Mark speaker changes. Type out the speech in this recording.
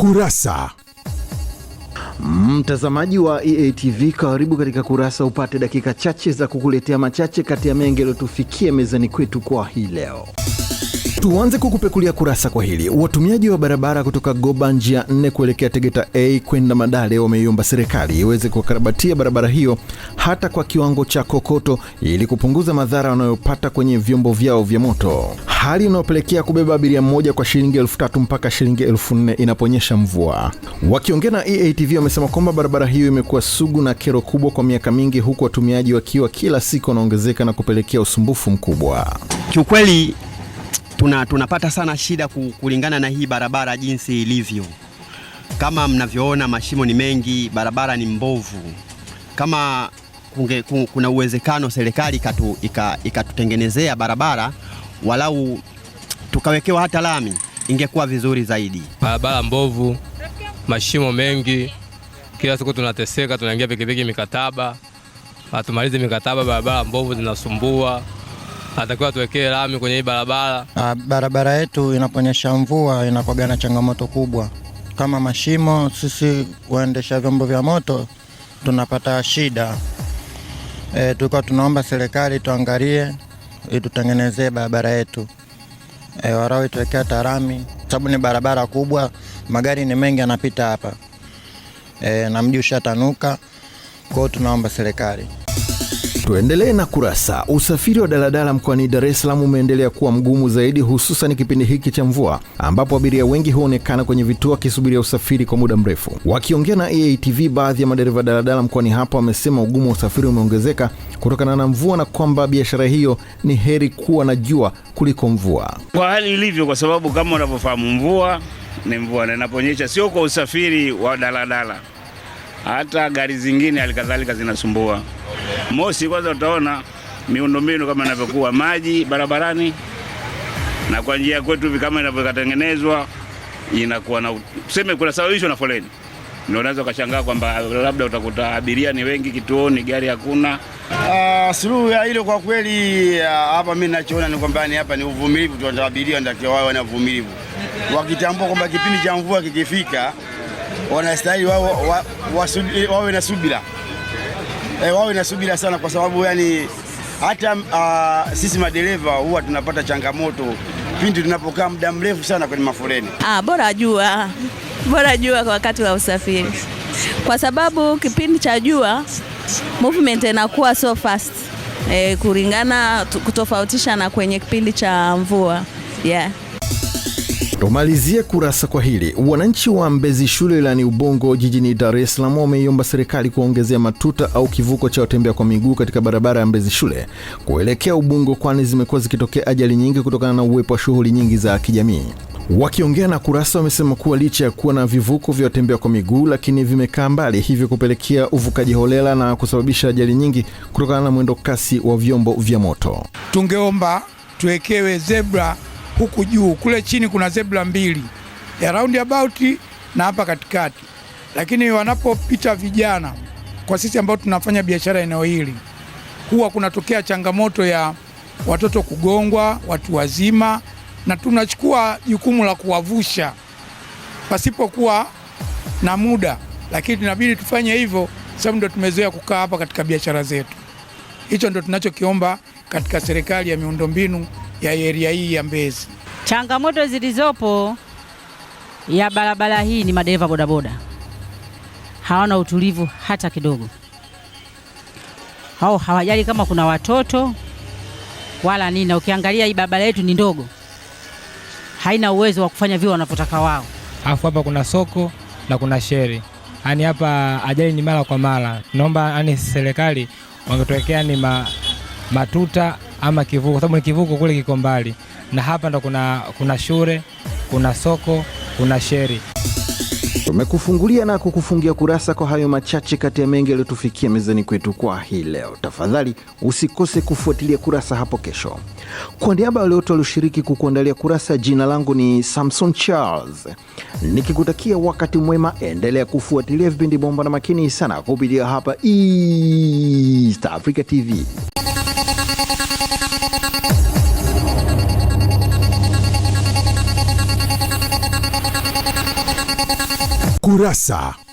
Speaker 1: Kurasa. Mtazamaji wa EATV, karibu katika Kurasa upate dakika chache za kukuletea machache kati ya mengi yaliyotufikia mezani kwetu kwa hii leo. Tuanze kukupekulia kurasa kwa hili. Watumiaji wa barabara kutoka Goba njia nne kuelekea Tegeta A kwenda Madale wameiomba serikali iweze kukarabatia barabara hiyo hata kwa kiwango cha kokoto ili kupunguza madhara wanayopata kwenye vyombo vyao vya moto, hali inayopelekea kubeba abiria mmoja kwa shilingi elfu tatu mpaka shilingi elfu nne inaponyesha mvua. Wakiongea na EATV wamesema kwamba barabara hiyo imekuwa sugu na kero kubwa kwa miaka mingi, huku watumiaji wakiwa kila siku wanaongezeka na kupelekea usumbufu mkubwa.
Speaker 2: Kiukweli tuna, tunapata sana shida kulingana na hii barabara jinsi ilivyo. Kama mnavyoona mashimo ni mengi, barabara ni mbovu. Kama kunge, kuna uwezekano serikali ikatutengenezea ika barabara walau tukawekewa hata lami ingekuwa vizuri zaidi.
Speaker 3: Barabara mbovu, mashimo mengi, kila siku tunateseka, tunaingia pikipiki mikataba, hatumalizi mikataba. Barabara mbovu zinasumbua atakiwa tuwekee lami kwenye hii barabara.
Speaker 4: A, ah, barabara yetu inaponyesha mvua inakuwa na changamoto kubwa kama mashimo. Sisi waendesha vyombo vya moto tunapata shida e, tulikuwa tunaomba serikali tuangalie itutengenezee barabara yetu e, eh, warawi tuwekea tarami, sababu ni barabara kubwa, magari ni mengi yanapita hapa e, na mji ushatanuka kwao, tunaomba serikali
Speaker 1: Tuendelee na Kurasa. Usafiri wa daladala mkoani Dar es Salaam umeendelea kuwa mgumu zaidi, hususan kipindi hiki cha mvua ambapo abiria wengi huonekana kwenye vituo wakisubiria usafiri kwa muda mrefu. Wakiongea na EATV, baadhi ya madereva daladala mkoani hapa wamesema ugumu wa usafiri umeongezeka kutokana na mvua na kwamba biashara hiyo ni heri kuwa na jua kuliko mvua,
Speaker 5: kwa hali ilivyo, kwa sababu kama unavyofahamu mvua ni mvua, na inaponyesha sio kwa usafiri wa daladala, hata gari zingine halikadhalika zinasumbua. Mosi, kwanza utaona miundombinu kama inavyokuwa maji barabarani na kwa njia kwetu hivi kama inavyokatengenezwa inakuwa na tuseme, kunasababishwa na foleni. Ndio unaweza ukashangaa kwamba labda utakuta abiria ni wengi kituoni, gari hakuna.
Speaker 6: Uh, suluhu ya hilo kwa kweli ah, hapa, uh, mimi ninachoona ni kwamba ni hapa ni uvumilivu tu, ndio abiria ndio wao wana uvumilivu, wakitambua kwamba kipindi cha mvua kikifika wanastahili wawe wa, wa, wa, wa, wa, wa, na subira e, eh, wawe na subira sana, kwa sababu yani hata uh, sisi madereva huwa tunapata changamoto pindi tunapokaa muda mrefu sana kwenye mafoleni.
Speaker 7: Ah, bora jua, bora jua kwa wakati wa usafiri, kwa sababu kipindi cha jua movement inakuwa so fast e, eh, kulingana kutofautisha na kwenye kipindi cha mvua yeah.
Speaker 1: Tumalizie kurasa kwa hili. Wananchi wa Mbezi Shule wilayani Ubungo jijini Dar es Salaam wameiomba serikali kuongezea matuta au kivuko cha watembea kwa miguu katika barabara ya Mbezi Shule kuelekea Ubungo, kwani zimekuwa zikitokea ajali nyingi kutokana na uwepo wa shughuli nyingi za kijamii. Wakiongea na Kurasa wamesema kuwa licha ya kuwa na vivuko vya watembea kwa miguu, lakini vimekaa mbali, hivyo kupelekea uvukaji holela na kusababisha ajali nyingi kutokana na mwendo kasi wa vyombo vya moto.
Speaker 8: Tungeomba tuwekewe zebra huku juu, kule chini kuna zebra mbili ya about na hapa katikati. Lakini wanapopita vijana, kwa sisi ambao tunafanya biashara eneo hili, huwa kunatokea changamoto ya watoto kugongwa, watu wazima, na tunachukua jukumu la kuwavusha pasipokuwa na muda, lakini tunabidi tufanye hivyo sababu ndo tumezoea kukaa hapa katika biashara zetu. Hicho ndo tunachokiomba katika serikali ya miundombinu ya eria hii ya Mbezi.
Speaker 9: Changamoto zilizopo ya barabara hii ni madereva bodaboda hawana utulivu hata kidogo, hao hawajali kama kuna watoto wala nini. Ukiangalia hii barabara yetu ni ndogo, haina uwezo wa kufanya vile wanavyotaka wao.
Speaker 10: Alafu hapa kuna soko na kuna sheri, yaani hapa ajali ni mara kwa mara. Tunaomba yaani serikali wangetuwekea ni ma, matuta ama kivuko, kwa sababu ni kivuko kule kiko mbali, na hapa ndo kuna, kuna shule, kuna soko, kuna sheri.
Speaker 1: Tumekufungulia na kukufungia kurasa kwa hayo machache kati ya mengi yaliyotufikia mezani kwetu kwa hii leo. Tafadhali usikose kufuatilia kurasa hapo kesho. Kwa niaba wale wote walioshiriki kukuandalia kurasa, jina langu ni Samson Charles, nikikutakia wakati mwema. Endelea kufuatilia vipindi bomba na makini sana kupitia hapa East Africa TV. Curaça.